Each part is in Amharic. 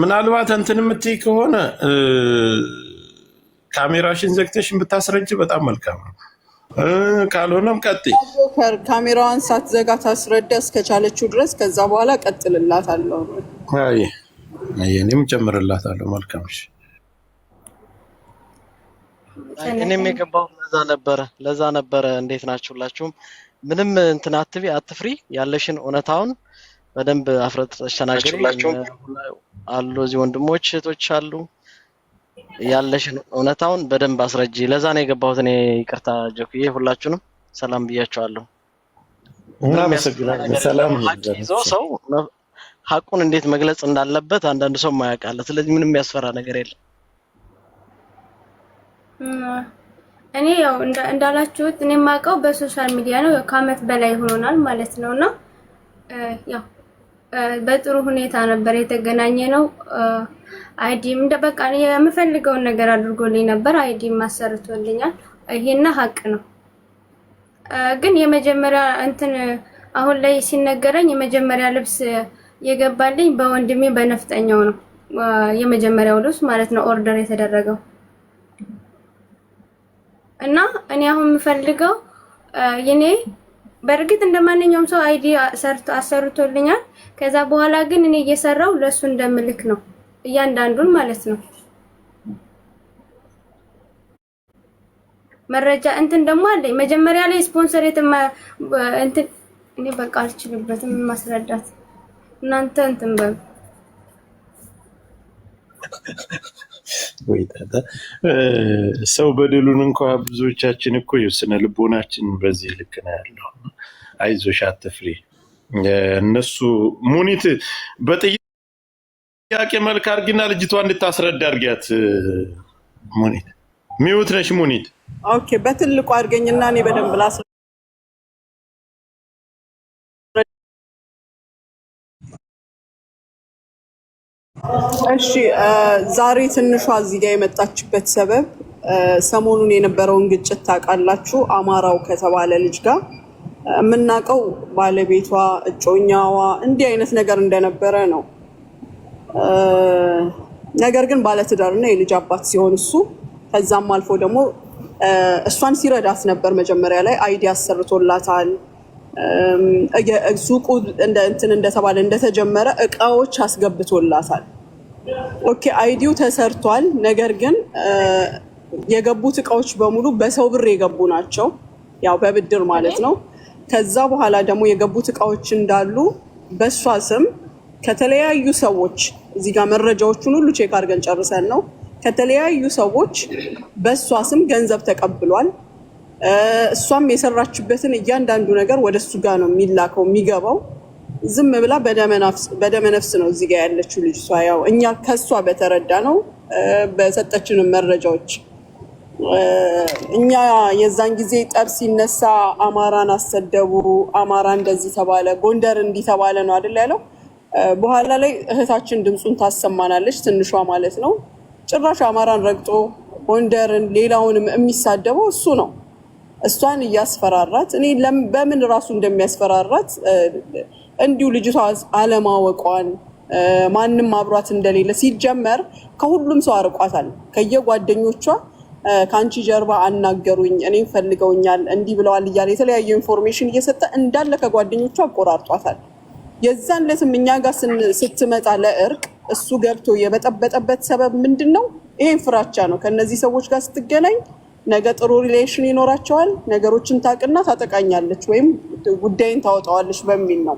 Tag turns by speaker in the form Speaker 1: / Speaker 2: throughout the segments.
Speaker 1: ምናልባት እንትን የምትይ ከሆነ ካሜራሽን ዘግተሽን ብታስረጅ በጣም መልካም ነው። ካልሆነም ቀጥ
Speaker 2: ካሜራዋን ሳትዘጋ ታስረዳ እስከቻለችው ድረስ ከዛ በኋላ ቀጥልላታለሁ።
Speaker 1: እኔም ጨምርላታለሁ። መልካም
Speaker 3: እኔም የገባው ለዛ ነበረ ለዛ ነበረ። እንዴት ናችሁላችሁም? ምንም እንትን አትቢ አትፍሪ፣ ያለሽን እውነታውን በደንብ አፍረጥሽ አሉ። እዚህ ወንድሞች እህቶች አሉ። ያለሽን እውነታውን በደንብ አስረጂ። ለዛ ነው የገባሁት እኔ። ይቅርታ ጆክዬ፣ ሁላችሁንም ሰላም ብያቸዋለሁ። ሰው ሀቁን እንዴት መግለጽ እንዳለበት አንዳንድ ሰው ማያውቃለ። ስለዚህ ምንም የሚያስፈራ ነገር የለም።
Speaker 4: እኔ ያው እንዳላችሁት እኔ የማውቀው በሶሻል ሚዲያ ነው። ከአመት በላይ ሆኖናል ማለት ነው እና ያው በጥሩ ሁኔታ ነበር የተገናኘ ነው። አይዲም እንደ በቃ የምፈልገውን ነገር አድርጎልኝ ነበር። አይዲም አሰርቶልኛል። ይሄና ሀቅ ነው። ግን የመጀመሪያ እንትን አሁን ላይ ሲነገረኝ የመጀመሪያ ልብስ የገባልኝ በወንድሜ በነፍጠኛው ነው። የመጀመሪያው ልብስ ማለት ነው ኦርደር የተደረገው እና እኔ አሁን የምፈልገው የኔ በእርግጥ እንደማንኛውም ሰው አይዲ አሰርቶልኛል ከዛ በኋላ ግን እኔ እየሰራው ለሱ እንደምልክ ነው እያንዳንዱን ማለት ነው። መረጃ እንትን ደግሞ አለኝ መጀመሪያ ላይ ስፖንሰር የትም እንትን እኔ በቃ አልችልበትም ማስረዳት። እናንተ እንትን በሉ
Speaker 1: ወይ ታታ ሰው በደሉን እንኳ ብዙዎቻችን እኮ የስነ ልቦናችን በዚህ ልክ ነው ያለው። አይዞሽ አትፍሪ እነሱ ሙኒት በጥያቄ መልክ አድርጊና ልጅቷ እንድታስረዳ አድርጊያት። ሙኒት ሚዩት ነሽ ሙኒት።
Speaker 2: ኦኬ በትልቁ አድርገኝና እኔ በደንብ ላስ እሺ ዛሬ ትንሿ እዚህ ጋር የመጣችበት ሰበብ ሰሞኑን የነበረውን ግጭት ታውቃላችሁ። አማራው ከተባለ ልጅ ጋር የምናውቀው ባለቤቷ እጮኛዋ እንዲህ አይነት ነገር እንደነበረ ነው። ነገር ግን ባለትዳርና የልጅ አባት ሲሆን እሱ ከዛም አልፎ ደግሞ እሷን ሲረዳት ነበር። መጀመሪያ ላይ አይዲ አሰርቶላታል። ሱቁ እንትን እንደተባለ እንደተጀመረ እቃዎች አስገብቶላታል። ኦኬ አይዲው ተሰርቷል። ነገር ግን የገቡት እቃዎች በሙሉ በሰው ብር የገቡ ናቸው። ያው በብድር ማለት ነው። ከዛ በኋላ ደግሞ የገቡት እቃዎች እንዳሉ በእሷ ስም ከተለያዩ ሰዎች እዚህ ጋር መረጃዎቹን ሁሉ ቼክ አድርገን ጨርሰን ነው ከተለያዩ ሰዎች በእሷ ስም ገንዘብ ተቀብሏል። እሷም የሰራችበትን እያንዳንዱ ነገር ወደ እሱ ጋር ነው የሚላከው የሚገባው። ዝም ብላ በደመነፍስ ነው እዚህ ጋር ያለችው ልጅ። ያው እኛ ከእሷ በተረዳ ነው በሰጠችንም መረጃዎች እኛ የዛን ጊዜ ጠብ ሲነሳ አማራን አሰደቡ፣ አማራ እንደዚህ ተባለ፣ ጎንደር እንዲህ ተባለ ነው አይደል ያለው። በኋላ ላይ እህታችን ድምፁን ታሰማናለች፣ ትንሿ ማለት ነው። ጭራሽ አማራን ረግጦ ጎንደርን፣ ሌላውንም የሚሳደበው እሱ ነው። እሷን እያስፈራራት እኔ በምን ራሱ እንደሚያስፈራራት እንዲሁ ልጅቷ አለማወቋን ማንም አብሯት እንደሌለ ሲጀመር ከሁሉም ሰው አርቋታል ከየጓደኞቿ ከአንቺ ጀርባ አናገሩኝ፣ እኔም ፈልገውኛል፣ እንዲህ ብለዋል እያለ የተለያዩ ኢንፎርሜሽን እየሰጠ እንዳለ ከጓደኞቹ አቆራርጧታል። የዛን ዕለትም እኛ ጋር ስትመጣ ለእርቅ እሱ ገብቶ የበጠበጠበት ሰበብ ምንድን ነው? ይሄን ፍራቻ ነው። ከነዚህ ሰዎች ጋር ስትገናኝ ነገ ጥሩ ሪሌሽን ይኖራቸዋል፣ ነገሮችን ታቅና ታጠቃኛለች ወይም ጉዳይን ታወጣዋለች በሚል ነው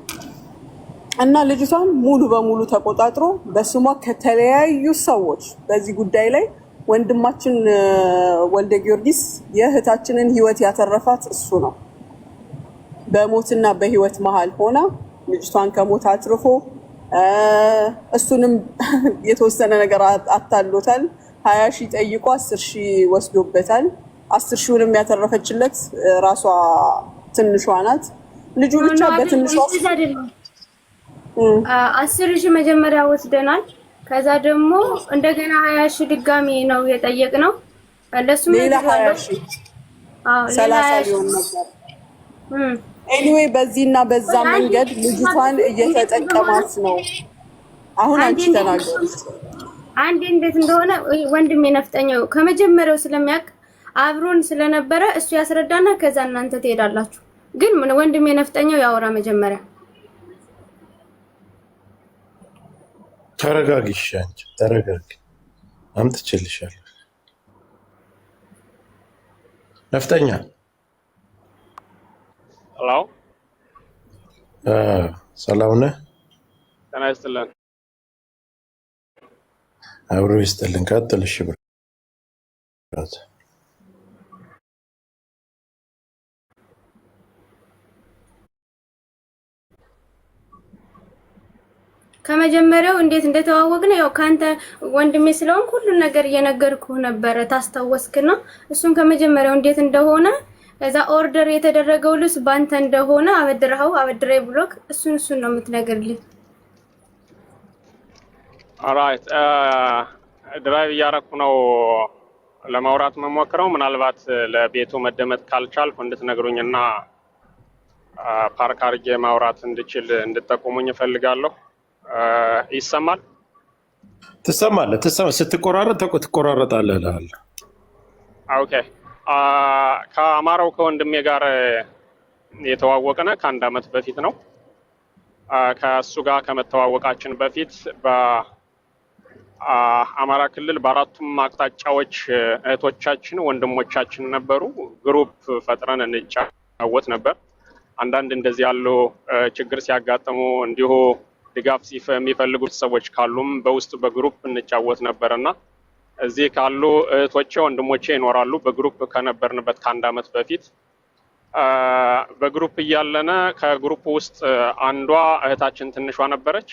Speaker 2: እና ልጅቷን ሙሉ በሙሉ ተቆጣጥሮ በስሟ ከተለያዩ ሰዎች በዚህ ጉዳይ ላይ ወንድማችን ወልደ ጊዮርጊስ የእህታችንን ህይወት ያተረፋት እሱ ነው። በሞትና በህይወት መሀል ሆና ልጅቷን ከሞት አትርፎ እሱንም የተወሰነ ነገር አታሎታል። ሀያ ሺህ ጠይቆ አስር ሺህ ወስዶበታል። አስር ሺውንም ያተረፈችለት ራሷ ትንሿ ናት። ልጁ ብቻ በትንሿ
Speaker 4: አስር ሺህ መጀመሪያ ወስደናል ከዛ ደግሞ እንደገና ሀያ ሺህ ድጋሚ ነው የጠየቅ ነው
Speaker 2: ለሱም ሌላ ሀያ ሺህ ሰላሳ ሊሆን ነበር። ኤኒዌይ በዚህና በዛ መንገድ ልጅቷን እየተጠቀማት ነው። አሁን አንቺ ተናገሩ
Speaker 4: አንዴ እንዴት እንደሆነ ወንድም የነፍጠኛው ከመጀመሪያው ስለሚያውቅ አብሮን ስለነበረ እሱ ያስረዳና ከዛ እናንተ ትሄዳላችሁ። ግን ወንድም የነፍጠኛው ያወራ መጀመሪያ
Speaker 1: ተረጋጊ። እሺ አንቺ ተረጋጊ። አምጥቼልሻለሁ። ነፍጠኛ ሄሎ፣ ሰላም ነህ? ጤና ይስጥልን። አብሮ ይስጥልን። ቀጥል። እሺ ብራት
Speaker 4: ከመጀመሪያው እንዴት እንደተዋወቅን ያው ካንተ ወንድሜ ስለሆን ሁሉን ነገር እየነገርኩህ ነበረ፣ ታስታወስክና እሱን ከመጀመሪያው እንዴት እንደሆነ እዛ ኦርደር የተደረገው ልብስ ባንተ እንደሆነ አበድረኸው አበድሬ ብሎክ እሱን እሱን ነው የምትነግርልኝ።
Speaker 5: ኦራይት ድራይቭ uh, እያረኩ ነው ለማውራት መሞከረው ምናልባት ለቤቱ መደመጥ ካልቻልኩ እንድትነግሩኝና ፓርክ uh, አድርጌ ማውራት እንድችል እንድጠቁሙኝ እፈልጋለሁ። ይሰማል
Speaker 1: ትሰማ ስትቆራረጥ ትቆራረጣለ ላል
Speaker 5: ኦኬ ከአማራው ከወንድሜ ጋር የተዋወቅነ ከአንድ አመት በፊት ነው። ከእሱ ጋር ከመተዋወቃችን በፊት በአማራ ክልል በአራቱም አቅጣጫዎች እህቶቻችን ወንድሞቻችን ነበሩ። ግሩፕ ፈጥረን እንጫወት ነበር። አንዳንድ እንደዚህ ያሉ ችግር ሲያጋጥሙ እንዲሁ ድጋፍ የሚፈልጉት ሰዎች ካሉም በውስጥ በግሩፕ እንጫወት ነበር እና እዚህ ካሉ እህቶቼ ወንድሞቼ ይኖራሉ። በግሩፕ ከነበርንበት ከአንድ ዓመት በፊት በግሩፕ እያለነ ከግሩፕ ውስጥ አንዷ እህታችን ትንሿ ነበረች።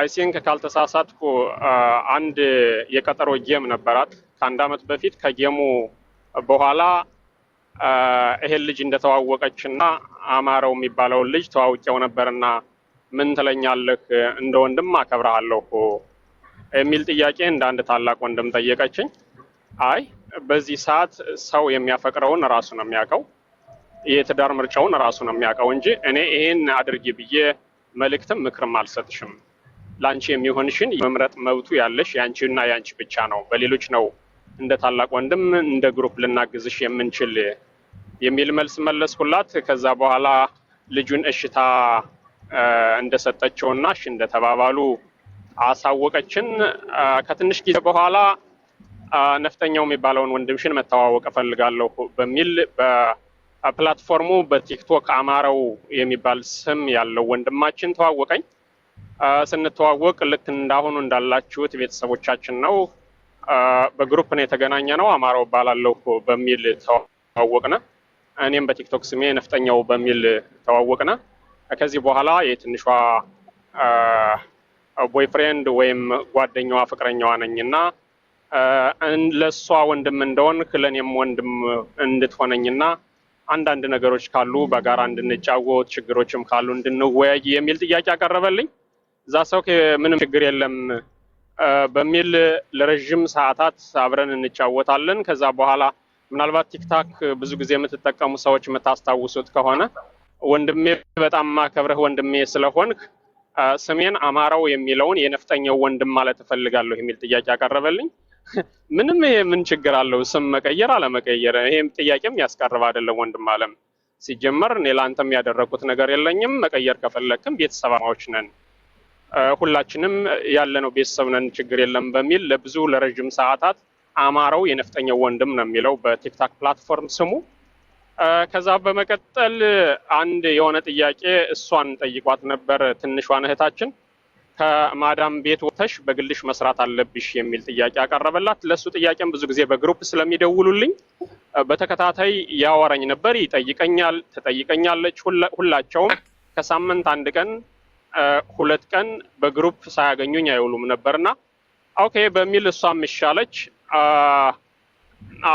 Speaker 5: አይሲንክ ካልተሳሳትኩ አንድ የቀጠሮ ጌም ነበራት ከአንድ ዓመት በፊት። ከጌሙ በኋላ ይሄን ልጅ እንደተዋወቀች እና አማረው የሚባለውን ልጅ ተዋውቂው ነበርና ምን ትለኛለህ? እንደ ወንድም አከብረሃለሁ የሚል ጥያቄ እንደ አንድ ታላቅ ወንድም ጠየቀችኝ። አይ በዚህ ሰዓት ሰው የሚያፈቅረውን ራሱ ነው የሚያውቀው፣ የትዳር ምርጫውን ራሱ ነው የሚያውቀው እንጂ እኔ ይሄን አድርጊ ብዬ መልእክትም ምክርም አልሰጥሽም። ለአንቺ የሚሆንሽን መምረጥ መብቱ ያለሽ የአንቺና የአንቺ ብቻ ነው። በሌሎች ነው እንደ ታላቅ ወንድም እንደ ግሩፕ ልናግዝሽ የምንችል የሚል መልስ መለስኩላት። ከዛ በኋላ ልጁን እሽታ እንደሰጠችውና እሺ እንደተባባሉ አሳወቀችን። ከትንሽ ጊዜ በኋላ ነፍጠኛው የሚባለውን ወንድምሽን መተዋወቅ እፈልጋለሁ በሚል በፕላትፎርሙ በቲክቶክ አማረው የሚባል ስም ያለው ወንድማችን ተዋወቀኝ። ስንተዋወቅ ልክ እንዳሁኑ እንዳላችሁት ቤተሰቦቻችን ነው። በግሩፕ ነው የተገናኘ ነው። አማረው እባላለሁ በሚል ተዋወቅነ። እኔም በቲክቶክ ስሜ ነፍጠኛው በሚል ተዋወቅነ። ከዚህ በኋላ የትንሿ ቦይፍሬንድ ወይም ጓደኛዋ ፍቅረኛዋ ነኝና ለእሷ ወንድም እንደሆንክ ለእኔም ወንድም እንድትሆነኝና አንዳንድ ነገሮች ካሉ በጋራ እንድንጫወት ችግሮችም ካሉ እንድንወያይ የሚል ጥያቄ አቀረበልኝ። እዛ ሰው ምንም ችግር የለም በሚል ለረዥም ሰዓታት አብረን እንጫወታለን። ከዛ በኋላ ምናልባት ቲክታክ ብዙ ጊዜ የምትጠቀሙ ሰዎች የምታስታውሱት ከሆነ ወንድሜ በጣም ማከብረህ ወንድሜ ስለሆንክ ስሜን አማራው የሚለውን የነፍጠኛው ወንድም ማለት እፈልጋለሁ የሚል ጥያቄ ያቀረበልኝ ምንም ይሄ ምን ችግር አለው? ስም መቀየር አለመቀየር፣ ይሄም ጥያቄም ያስቀርብ አይደለም። ወንድም አለም ሲጀመር እኔ ለአንተም ያደረኩት ነገር የለኝም። መቀየር ከፈለክም ቤተሰባማዎች ነን፣ ሁላችንም ያለነው ቤተሰብ ነን፣ ችግር የለም በሚል ለብዙ ለረዥም ሰዓታት አማራው የነፍጠኛው ወንድም ነው የሚለው በቲክታክ ፕላትፎርም ስሙ ከዛ በመቀጠል አንድ የሆነ ጥያቄ እሷን ጠይቋት ነበር ትንሿን እህታችን ከማዳም ቤት ወተሽ በግልሽ መስራት አለብሽ የሚል ጥያቄ አቀረበላት ለእሱ ጥያቄም ብዙ ጊዜ በግሩፕ ስለሚደውሉልኝ በተከታታይ ያወራኝ ነበር። ይጠይቀኛል፣ ትጠይቀኛለች። ሁላቸውም ከሳምንት አንድ ቀን ሁለት ቀን በግሩፕ ሳያገኙኝ አይውሉም ነበርና ኦኬ በሚል እሷም ይሻለች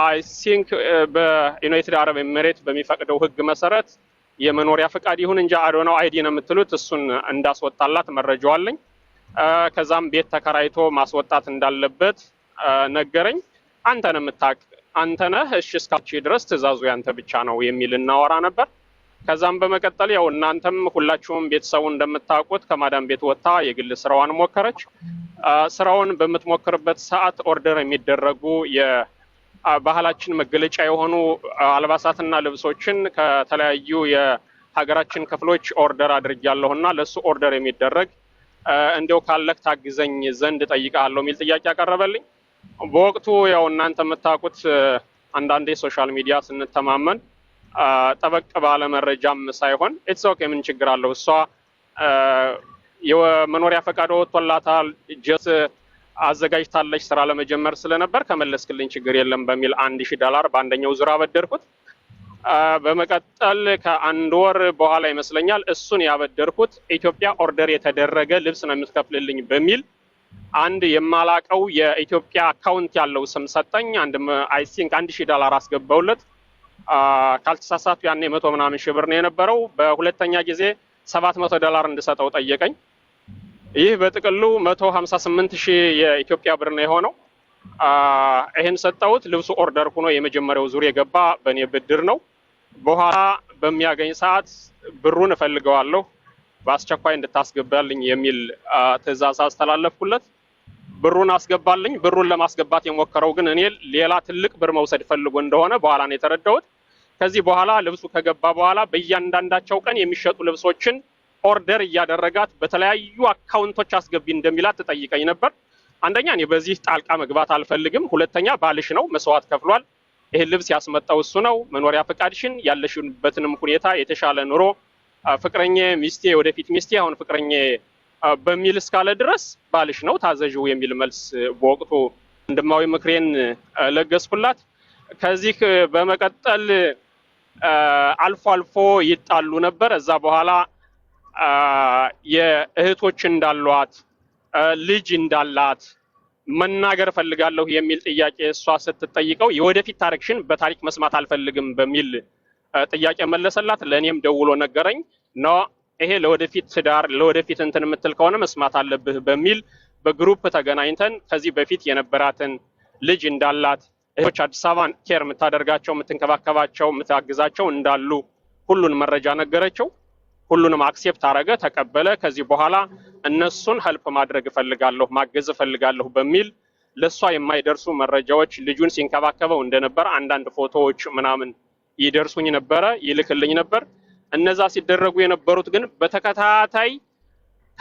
Speaker 5: አይ ሲንክ uh, በዩናይትድ አረብ ኤምሬት በሚፈቅደው ህግ መሰረት የመኖሪያ ፈቃድ ይሁን እንጂ አዶናው አይዲ ነው የምትሉት እሱን እንዳስወጣላት መረጃው አለኝ። uh, ከዛም ቤት ተከራይቶ ማስወጣት እንዳለበት uh, ነገረኝ። አንተ ነው የምታውቅ አንተ ነህ እሺ፣ እስካቺ ድረስ ትእዛዙ ያንተ ብቻ ነው የሚል እናወራ ነበር። ከዛም በመቀጠል ያው እናንተም ሁላችሁም ቤተሰቡ እንደምታውቁት ከማዳም ቤት ወጥታ የግል ስራዋን ሞከረች። ስራውን በምትሞክርበት ሰዓት ኦርደር የሚደረጉ ባህላችን መገለጫ የሆኑ አልባሳትና ልብሶችን ከተለያዩ የሀገራችን ክፍሎች ኦርደር አድርጌያለሁ እና ለእሱ ኦርደር የሚደረግ እንዲው ካለክ ታግዘኝ ዘንድ ጠይቃለሁ የሚል ጥያቄ ያቀረበልኝ በወቅቱ ያው እናንተ የምታውቁት አንዳንዴ ሶሻል ሚዲያ ስንተማመን ጠበቅ ባለ መረጃም ሳይሆን ኢትስ ኦኬ ምን ችግር አለው እሷ የመኖሪያ ፈቃድ ወጥቶላታል ጀስ አዘጋጅታለች ስራ ለመጀመር ስለነበር ከመለስክልኝ ችግር የለም በሚል አንድ ሺህ ዶላር በአንደኛው ዙር አበደርኩት። በመቀጠል ከአንድ ወር በኋላ ይመስለኛል እሱን ያበደርኩት ኢትዮጵያ ኦርደር የተደረገ ልብስ ነው የምትከፍልልኝ በሚል አንድ የማላቀው የኢትዮጵያ አካውንት ያለው ስም ሰጠኝ። አንድ አይ ቲንክ አንድ ሺህ ዶላር አስገባውለት። ካልተሳሳቱ ያኔ መቶ ምናምን ሺህ ብር ነው የነበረው። በሁለተኛ ጊዜ ሰባት መቶ ዶላር እንድሰጠው ጠየቀኝ። ይህ በጥቅሉ 158 ሺህ የኢትዮጵያ ብር ነው የሆነው። ይህን ሰጠሁት። ልብሱ ኦርደር ሆኖ የመጀመሪያው ዙር የገባ በእኔ ብድር ነው። በኋላ በሚያገኝ ሰዓት ብሩን እፈልገዋለሁ በአስቸኳይ እንድታስገባልኝ የሚል ትዕዛዝ አስተላለፍኩለት። ብሩን አስገባልኝ። ብሩን ለማስገባት የሞከረው ግን እኔ ሌላ ትልቅ ብር መውሰድ ፈልጎ እንደሆነ በኋላ ነው የተረዳሁት። ከዚህ በኋላ ልብሱ ከገባ በኋላ በእያንዳንዳቸው ቀን የሚሸጡ ልብሶችን ኦርደር እያደረጋት በተለያዩ አካውንቶች አስገቢ እንደሚላት ትጠይቀኝ ነበር። አንደኛ እኔ በዚህ ጣልቃ መግባት አልፈልግም። ሁለተኛ ባልሽ ነው፣ መስዋዕት ከፍሏል። ይህን ልብስ ያስመጣው እሱ ነው። መኖሪያ ፈቃድሽን፣ ያለሽበትንም ሁኔታ፣ የተሻለ ኑሮ፣ ፍቅረኛ፣ ሚስቴ፣ ወደፊት ሚስቴ፣ አሁን ፍቅረኛ በሚል እስካለ ድረስ ባልሽ ነው ታዘዥው የሚል መልስ በወቅቱ ወንድማዊ ምክሬን ለገስኩላት። ከዚህ በመቀጠል አልፎ አልፎ ይጣሉ ነበር። እዛ በኋላ የእህቶች እንዳሏት ልጅ እንዳላት መናገር እፈልጋለሁ የሚል ጥያቄ እሷ ስትጠይቀው የወደፊት ታሪክሽን በታሪክ መስማት አልፈልግም በሚል ጥያቄ መለሰላት። ለእኔም ደውሎ ነገረኝ ና ይሄ ለወደፊት ትዳር ለወደፊት እንትን የምትል ከሆነ መስማት አለብህ በሚል በግሩፕ ተገናኝተን ከዚህ በፊት የነበራትን ልጅ እንዳላት እህቶች አዲስ አበባን ኬር የምታደርጋቸው የምትንከባከባቸው የምታግዛቸው እንዳሉ ሁሉን መረጃ ነገረችው። ሁሉንም አክሴፕት አረገ፣ ተቀበለ። ከዚህ በኋላ እነሱን ሀልፕ ማድረግ እፈልጋለሁ፣ ማገዝ እፈልጋለሁ በሚል ለእሷ የማይደርሱ መረጃዎች ልጁን ሲንከባከበው እንደነበር አንዳንድ ፎቶዎች ምናምን ይደርሱኝ ነበረ፣ ይልክልኝ ነበር። እነዛ ሲደረጉ የነበሩት ግን በተከታታይ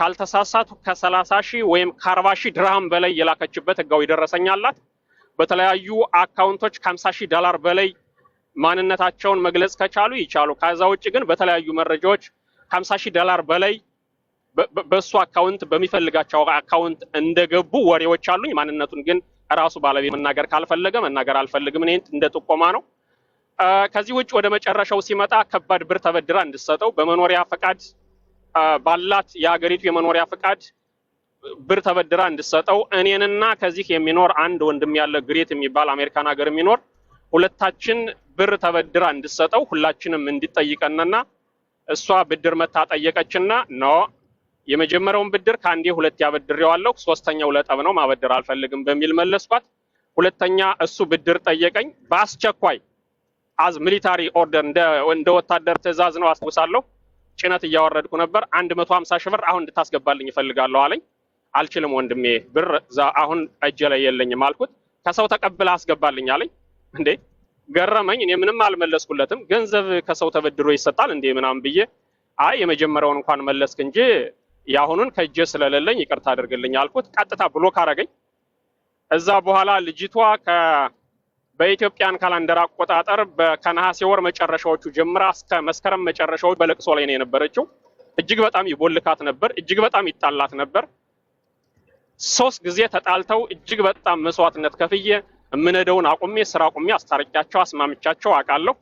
Speaker 5: ካልተሳሳቱ ከሰላሳ ሺህ ወይም ከአርባ ሺህ ድርሃም በላይ የላከችበት ህጋዊ ደረሰኝ አላት። በተለያዩ አካውንቶች ከሀምሳ ሺህ ዶላር በላይ ማንነታቸውን መግለጽ ከቻሉ ይቻሉ። ከዛ ውጭ ግን በተለያዩ መረጃዎች ከ50 ሺህ ዶላር በላይ በእሱ አካውንት በሚፈልጋቸው አካውንት እንደገቡ ወሬዎች አሉኝ። ማንነቱን ግን ራሱ ባለቤት መናገር ካልፈለገ መናገር አልፈልግም። እኔ እንደ ጥቆማ ነው። ከዚህ ውጭ ወደ መጨረሻው ሲመጣ ከባድ ብር ተበድራ እንድሰጠው በመኖሪያ ፈቃድ ባላት የሀገሪቱ የመኖሪያ ፈቃድ ብር ተበድራ እንድሰጠው እኔንና ከዚህ የሚኖር አንድ ወንድም ያለ ግሬት የሚባል አሜሪካን ሀገር የሚኖር ሁለታችን ብር ተበድራ እንድሰጠው ሁላችንም እንዲጠይቀንና እሷ ብድር መታ ጠየቀችና ኖ የመጀመሪያውን ብድር ከአንዴ ሁለት ያበድሬዋለሁ፣ ሶስተኛው ለጠብ ነው ማበድር አልፈልግም በሚል መለስኳት። ሁለተኛ እሱ ብድር ጠየቀኝ። በአስቸኳይ አዝ ሚሊታሪ ኦርደር እንደ ወታደር ትዕዛዝ ነው አስታውሳለሁ። ጭነት እያወረድኩ ነበር። አንድ መቶ ሀምሳ ሺህ ብር አሁን እንድታስገባልኝ እፈልጋለሁ አለኝ። አልችልም ወንድሜ ብር አሁን እጄ ላይ የለኝም አልኩት። ከሰው ተቀብለ አስገባልኝ አለኝ። እንዴ ገረመኝ። እኔ ምንም አልመለስኩለትም። ገንዘብ ከሰው ተበድሮ ይሰጣል እንዴ ምናምን ብዬ አይ የመጀመሪያውን እንኳን መለስክ እንጂ የአሁኑን ከእጄ ስለሌለኝ ይቅርታ አድርግልኝ አልኩት። ቀጥታ ብሎክ አረገኝ። እዛ በኋላ ልጅቷ በኢትዮጵያን ካላንደር አቆጣጠር ከነሐሴ ወር መጨረሻዎቹ ጀምራ እስከ መስከረም መጨረሻዎች በለቅሶ ላይ ነው የነበረችው። እጅግ በጣም ይቦልካት ነበር። እጅግ በጣም ይጣላት ነበር። ሶስት ጊዜ ተጣልተው እጅግ በጣም መስዋዕትነት ከፍዬ እምነደውን አቁሜ ስራ አቁሜ አስታርቂያቸው አስማምቻቸው አውቃለሁ።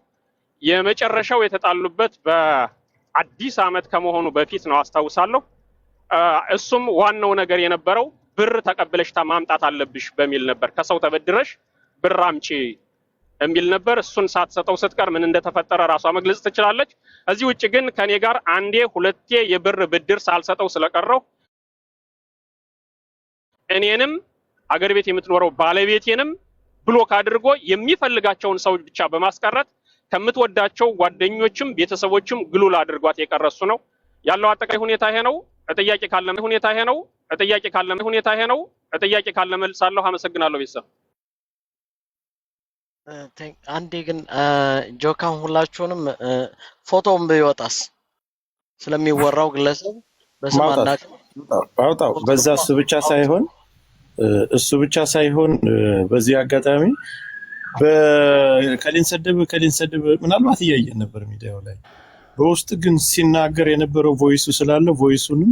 Speaker 5: የመጨረሻው የተጣሉበት በአዲስ ዓመት ከመሆኑ በፊት ነው አስታውሳለሁ። እሱም ዋናው ነገር የነበረው ብር ተቀብለሽ ማምጣት አለብሽ በሚል ነበር። ከሰው ተበድረሽ ብር አምጪ የሚል ነበር። እሱን ሳትሰጠው ስትቀር ምን እንደተፈጠረ ራሷ መግለጽ ትችላለች። እዚህ ውጭ ግን ከኔ ጋር አንዴ ሁለቴ የብር ብድር ሳልሰጠው ስለቀረው እኔንም አገር ቤት የምትኖረው ባለቤቴንም ብሎክ አድርጎ የሚፈልጋቸውን ሰው ብቻ በማስቀረት ከምትወዳቸው ጓደኞችም ቤተሰቦችም ግሉል አድርጓት የቀረሱ ነው ያለው አጠቃላይ ሁኔታ ይሄ ነው። ጥያቄ ካለ ሁኔታ ይሄ ነው። ጥያቄ ካለ ሁኔታ ይሄ ነው። ጥያቄ ካለ መልሳለሁ። አመሰግናለሁ ቤተሰብ።
Speaker 3: አንዴ ግን ጆካን ሁላችሁንም ፎቶውን ቢወጣስ ስለሚወራው ግለሰብ
Speaker 1: በስማና አውጣው በዛ እሱ ብቻ ሳይሆን እሱ ብቻ ሳይሆን በዚህ አጋጣሚ ከሌን ሰደብ ከሌን ሰደብ ምናልባት እያየን ነበር ሚዲያው ላይ በውስጥ ግን ሲናገር የነበረው ቮይሱ ስላለ ቮይሱንም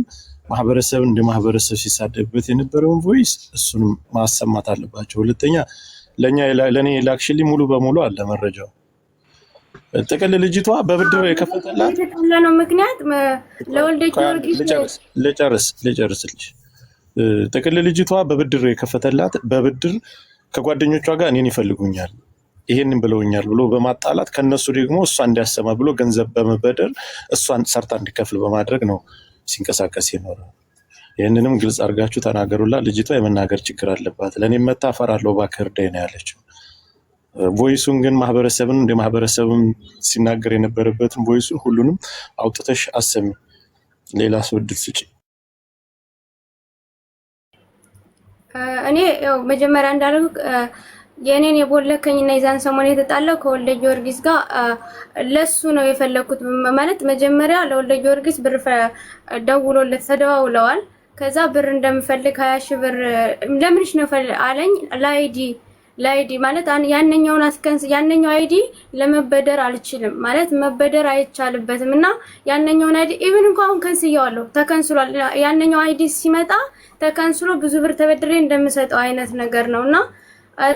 Speaker 1: ማህበረሰብ እንደ ማህበረሰብ ሲሳደብበት የነበረውን ቮይስ እሱንም ማሰማት አለባቸው። ሁለተኛ ለእኛ ለእኔ ላክሽሊ ሙሉ በሙሉ አለ መረጃው። ጥቅል ልጅቷ በብድር የከፈተላት
Speaker 4: ምክንያት ለወልደ ጊዮርጊስ
Speaker 1: ልጨርስ ልጨርስ ጥቅል ልጅቷ በብድር የከፈተላት በብድር ከጓደኞቿ ጋር እኔን ይፈልጉኛል ይሄንን ብለውኛል ብሎ በማጣላት ከነሱ ደግሞ እሷ እንዲያሰማ ብሎ ገንዘብ በመበደር እሷን ሰርታ እንዲከፍል በማድረግ ነው ሲንቀሳቀስ ይኖረ። ይህንንም ግልጽ አድርጋችሁ ተናገሩላ። ልጅቷ የመናገር ችግር አለባት። ለእኔም መታፈራለሁ እባክህ ነው ያለችው። ቮይሱን ግን ማህበረሰብን እንደ ማህበረሰብም ሲናገር የነበረበትን ቮይሱን ሁሉንም አውጥተሽ አሰሚ። ሌላ ሰው እድል
Speaker 4: እኔ ያው መጀመሪያ እንዳልኩ የእኔን የቦለከኝ እና የዛን ሰሞን የተጣለው ከወልደ ጊዮርጊስ ጋር ለሱ ነው የፈለኩት። ማለት መጀመሪያ ለወልደ ጊዮርጊስ ብር ደውሎለት ተደዋውለዋል። ከዛ ብር እንደምፈልግ ሀያ ሺህ ብር ለምንሽ ነው አለኝ ለአይዲ ለአይዲ ማለት ያንኛውን አስከንስ ያንኛው አይዲ ለመበደር አልችልም ማለት መበደር አይቻልበትም እና ያንኛውን አይዲ ኢቭን እንኳን ከንስያዋለሁ ተከንስሏል። ያንኛው አይዲ ሲመጣ ተከንስሎ ብዙ ብር ተበድሬ እንደምሰጠው አይነት ነገር ነው እና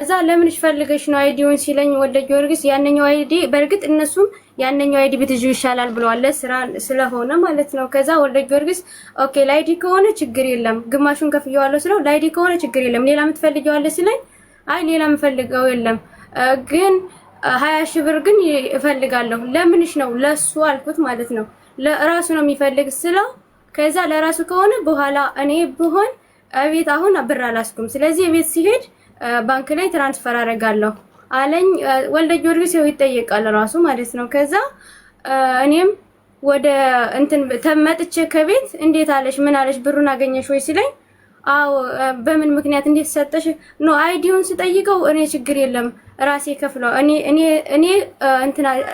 Speaker 4: እዛ ለምን ፈልገሽ ነው አይዲውን ሲለኝ ወደ ጊዮርጊስ ያንኛው አይዲ በእርግጥ እነሱም ያንኛው አይዲ ብትይዥ ይሻላል ብለዋል፣ ስራ ስለሆነ ማለት ነው። ከዛ ወደ ጊዮርጊስ ኦኬ ላይዲ ከሆነ ችግር የለም ግማሹን ከፍየዋለሁ ስለው ላይዲ ከሆነ ችግር የለም ሌላ የምትፈልጊዋለሽ ሲለኝ አይ ሌላ የምፈልገው የለም ግን ሀያ ሺህ ብር ግን እፈልጋለሁ። ለምንሽ ነው? ለሱ አልኩት ማለት ነው። ለራሱ ነው የሚፈልግ ስለው ከዛ ለራሱ ከሆነ በኋላ እኔ ብሆን እቤት አሁን ብር አላስኩም፣ ስለዚህ እቤት ሲሄድ ባንክ ላይ ትራንስፈር አደርጋለሁ አለኝ። ወልደ ጊዮርጊስ ይኸው ይጠየቃል ራሱ ማለት ነው። ከዛ እኔም ወደ እንትን ተመጥቼ ከቤት እንዴት አለሽ ምን አለሽ ብሩን አገኘሽ ወይ ሲለኝ አዎ በምን ምክንያት እንዴት ሰጠሽ? ኖ አይዲውን ስጠይቀው እኔ ችግር የለም ራሴ ከፍለው እኔ እኔ እኔ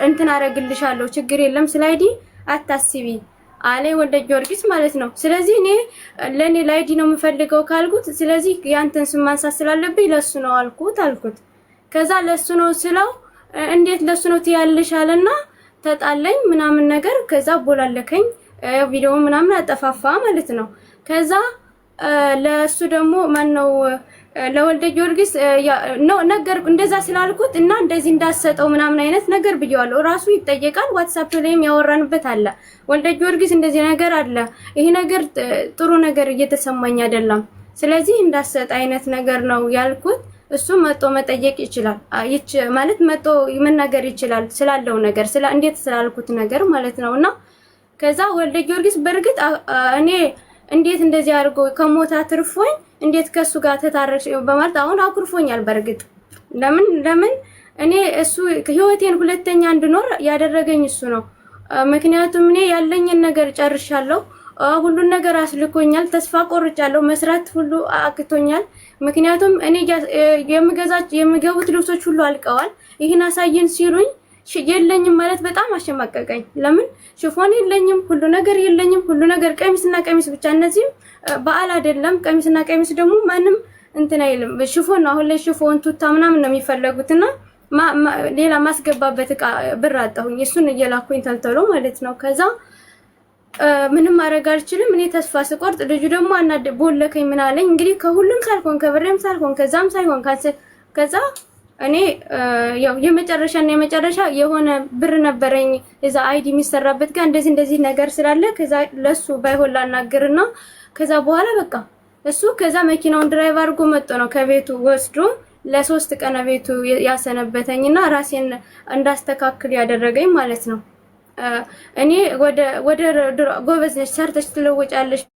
Speaker 4: እንትን አረግልሻለሁ ችግር የለም ስለ አይዲ አታስቢ አለ ወልደ ጊዮርጊስ ማለት ነው። ስለዚህ እኔ ለእኔ ለአይዲ ነው የምፈልገው ካልኩት፣ ስለዚህ ያንተን ስም ማንሳት ስላለብኝ ለሱ ነው አልኩት አልኩት። ከዛ ለሱ ነው ስለው እንዴት ለሱ ነው ትያለሽ አለና ተጣለኝ ምናምን ነገር ከዛ ቦላለከኝ ቪዲዮ ምናምን አጠፋፋ ማለት ነው ከዛ ለእሱ ደግሞ ማን ነው ለወልደ ጊዮርጊስ ነገር እንደዛ ስላልኩት እና እንደዚህ እንዳሰጠው ምናምን አይነት ነገር ብየዋለሁ። ራሱ ይጠየቃል። ዋትሳፕ ላይም ያወራንበት አለ። ወልደ ጊዮርጊስ እንደዚህ ነገር አለ፣ ይሄ ነገር ጥሩ ነገር እየተሰማኝ አይደለም፣ ስለዚህ እንዳሰጥ አይነት ነገር ነው ያልኩት። እሱ መጦ መጠየቅ ይችላል ማለት መጦ መናገር ይችላል ስላለው ነገር እንዴት ስላልኩት ነገር ማለት ነው እና ከዛ ወልደ ጊዮርጊስ በእርግጥ እኔ እንዴት እንደዚህ አድርጎ ከሞት አትርፎኝ እንዴት ከእሱ ጋር ተታረቅሽ በማለት አሁን አኩርፎኛል። በእርግጥ ለምን ለምን እኔ እሱ ህይወቴን ሁለተኛ እንድኖር ያደረገኝ እሱ ነው። ምክንያቱም እኔ ያለኝን ነገር ጨርሻለሁ። ሁሉን ነገር አስልኮኛል። ተስፋ ቆርጫለሁ። መስራት ሁሉ አቅቶኛል። ምክንያቱም እኔ የምገዛ የምገቡት ልብሶች ሁሉ አልቀዋል። ይህን አሳየን ሲሉኝ የለኝም ማለት በጣም አሸማቀቀኝ። ለምን ሽፎን የለኝም፣ ሁሉ ነገር የለኝም፣ ሁሉ ነገር ቀሚስና ቀሚስ ብቻ። እነዚህም በዓል አይደለም። ቀሚስና ቀሚስ ደግሞ ማንም እንትን አይልም። ሽፎን አሁን ላይ ሽፎን ቱታ ምናምን ነው የሚፈለጉትና ሌላ ማስገባበት እቃ ብር አጣሁኝ። እሱን እየላኩኝ ተልተሎ ማለት ነው። ከዛ ምንም ማድረግ አልችልም። እኔ ተስፋ ስቆርጥ ልጁ ደግሞ አናደ ቦለከኝ ምናለኝ። እንግዲህ ከሁሉም ሳልሆን ከብሬም ሳልሆን ከዛም ሳይሆን ከዛ እኔ ያው የመጨረሻ እና የመጨረሻ የሆነ ብር ነበረኝ እዛ አይዲ የሚሰራበት ጋር እንደዚህ እንደዚህ ነገር ስላለ ከዛ ለሱ ባይሆን ላናግርና ከዛ በኋላ በቃ እሱ ከዛ መኪናውን ድራይቭ አድርጎ መጥቶ ነው ከቤቱ ወስዶ ለሶስት ቀን ቤቱ ያሰነበተኝና ራሴን እንዳስተካክል ያደረገኝ ማለት ነው። እኔ ወደ ጎበዝ ነች ሰርተች ትለወጫለሽ